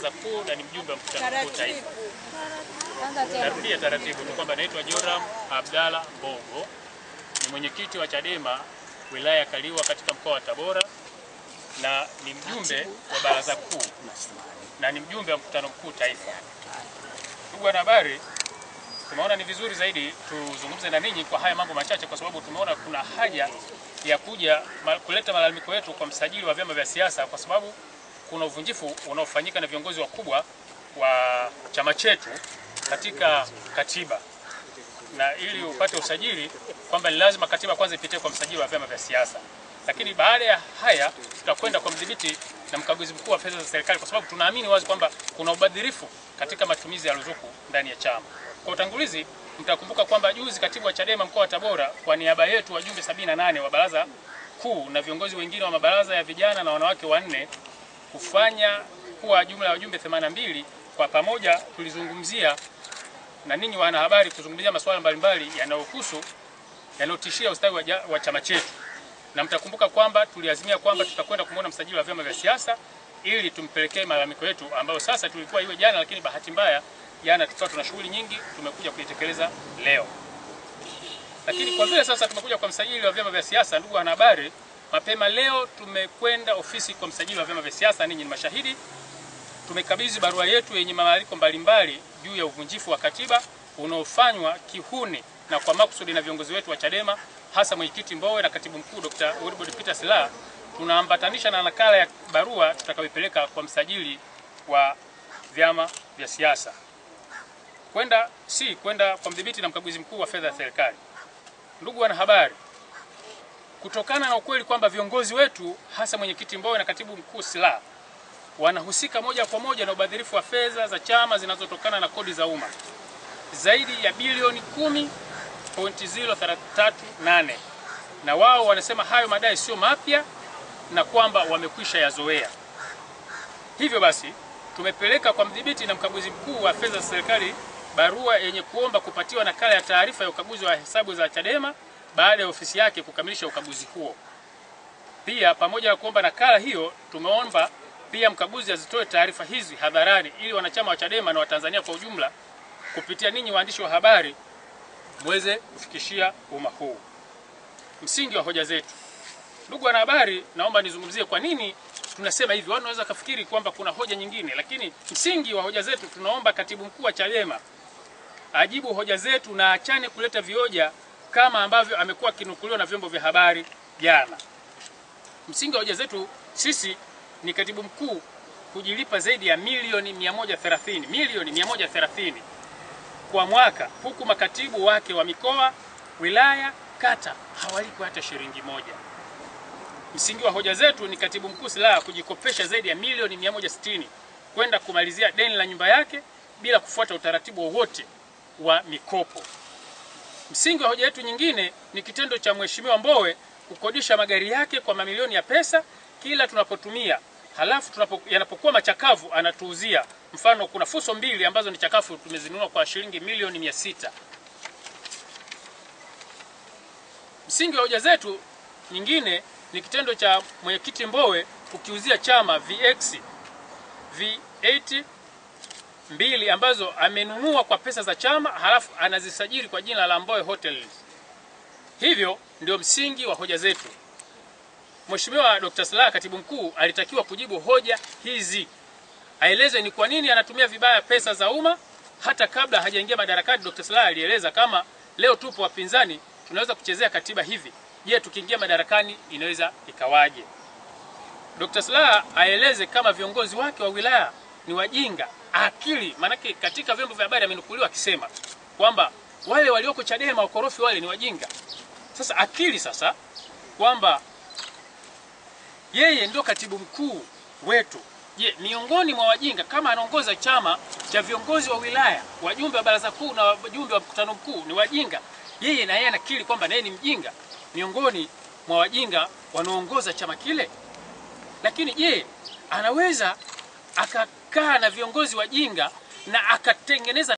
baraza kuu na ni mjumbe wa mkutano mkuu taifa. Narudia taratibu ni kwamba naitwa Joram Abdalla Mbogo, ni mwenyekiti wa Chadema wilaya ya Kaliua katika mkoa wa Tabora na ni mjumbe wa baraza kuu na ni mjumbe wa mkutano mkuu taifa. Ndugu wanahabari, tumeona ni vizuri zaidi tuzungumze na ninyi kwa haya mambo machache, kwa sababu tumeona kuna haja ya kuja kuleta malalamiko yetu kwa msajili wa vyama vya siasa, kwa sababu kuna uvunjifu unaofanyika na viongozi wakubwa wa chama chetu katika katiba, na ili upate usajili kwamba ni lazima katiba kwanza ipitie kwa msajili wa vyama vya siasa, lakini baada ya haya tutakwenda kwa mdhibiti na mkaguzi mkuu wa fedha za serikali, kwa sababu tunaamini wazi kwamba kuna ubadhirifu katika matumizi ya ruzuku ndani ya chama. Kwa utangulizi, mtakumbuka kwamba juzi katibu wa Chadema mkoa wa Tabora kwa niaba yetu wajumbe 78 wa baraza kuu na viongozi wengine wa mabaraza ya vijana na wanawake wanne kufanya kuwa jumla ya wajumbe 82 kwa pamoja tulizungumzia na ninyi wanahabari kuzungumzia masuala mbalimbali yanayohusu yanayotishia ustawi wa chama chetu, na mtakumbuka kwamba tuliazimia kwamba tutakwenda kumwona msajili wa vyama vya siasa ili tumpelekee malalamiko yetu ambayo sasa tulikuwa iwe jana, lakini bahati mbaya jana tukawa tuna shughuli nyingi, tumekuja kuitekeleza leo. Lakini kwa vile sasa tumekuja kwa msajili wa vyama vya siasa, ndugu wanahabari Mapema leo tumekwenda ofisi kwa msajili wa vyama vya siasa, ninyi ni mashahidi. Tumekabidhi barua yetu yenye malalamiko mbalimbali juu ya uvunjifu wa katiba unaofanywa kihuni na kwa makusudi na viongozi wetu wa Chadema, hasa mwenyekiti Mbowe na katibu mkuu Dr. Wilbrod Peter Slaa. Tunaambatanisha na nakala ya barua tutakayoipeleka kwa msajili wa vyama vya siasa kwenda si kwenda kwa mdhibiti na mkaguzi mkuu wa fedha za serikali. Ndugu wanahabari, kutokana na ukweli kwamba viongozi wetu hasa mwenyekiti Mbowe na katibu mkuu Sila wanahusika moja kwa moja na ubadhirifu wa fedha za chama zinazotokana na kodi za umma zaidi ya bilioni 10.038 na wao wanasema hayo madai sio mapya na kwamba wamekwisha yazoea. Hivyo basi tumepeleka kwa mdhibiti na mkaguzi mkuu wa fedha za serikali barua yenye kuomba kupatiwa nakala ya taarifa ya ukaguzi wa hesabu za Chadema baada ya ofisi yake kukamilisha ukaguzi huo. Pia pamoja na kuomba nakala hiyo, tumeomba pia mkaguzi azitoe taarifa hizi hadharani ili wanachama wa Chadema na Watanzania kwa ujumla kupitia ninyi waandishi wa habari muweze kufikishia umma huu msingi wa hoja zetu. Ndugu wanahabari, naomba nizungumzie kwa nini tunasema hivi. Wao Wanaweza kafikiri kwamba kuna hoja nyingine, lakini msingi wa hoja zetu, tunaomba katibu mkuu wa Chadema ajibu hoja zetu na achane kuleta vioja kama ambavyo amekuwa akinukuliwa na vyombo vya habari jana. Msingi wa hoja zetu sisi ni katibu mkuu kujilipa zaidi ya milioni 130 milioni 130 kwa mwaka, huku makatibu wake wa mikoa, wilaya, kata hawalipwi hata shilingi moja. Msingi wa hoja zetu ni katibu mkuu Silaa kujikopesha zaidi ya milioni 160 kwenda kumalizia deni la nyumba yake bila kufuata utaratibu wowote wa mikopo. Msingi wa hoja yetu nyingine ni kitendo cha Mheshimiwa Mbowe kukodisha magari yake kwa mamilioni ya pesa kila tunapotumia, halafu tunapo, yanapokuwa machakavu anatuuzia. Mfano, kuna fuso mbili ambazo ni chakavu tumezinunua kwa shilingi milioni mia sita. Msingi wa hoja zetu nyingine ni kitendo cha mwenyekiti Mbowe kukiuzia chama VX v 8 mbili ambazo amenunua kwa pesa za chama halafu anazisajili kwa jina la Mboe Hotels. Hivyo ndio msingi wa hoja zetu. Mheshimiwa Dr. Slaa katibu mkuu alitakiwa kujibu hoja hizi, aeleze ni kwa nini anatumia vibaya pesa za umma. Hata kabla hajaingia madarakani, Dr. Slaa alieleza kama leo tupo wapinzani tunaweza kuchezea katiba hivi, je, tukiingia madarakani inaweza ikawaje? Dr. Slaa aeleze kama viongozi wake wa wilaya ni wajinga akili. Maanake katika vyombo vya habari amenukuliwa akisema kwamba wale walioko Chadema wakorofi wale ni wajinga. Sasa akili sasa kwamba yeye ndio katibu mkuu wetu. Je, miongoni mwa wajinga kama anaongoza chama cha viongozi wa wilaya, wajumbe wa baraza kuu na wajumbe wa mkutano mkuu ni wajinga, yeye na yeye anakiri kwamba naye ni mjinga miongoni mwa wajinga wanaongoza chama kile. Lakini je, anaweza aka akakaa na viongozi wajinga na akatengeneza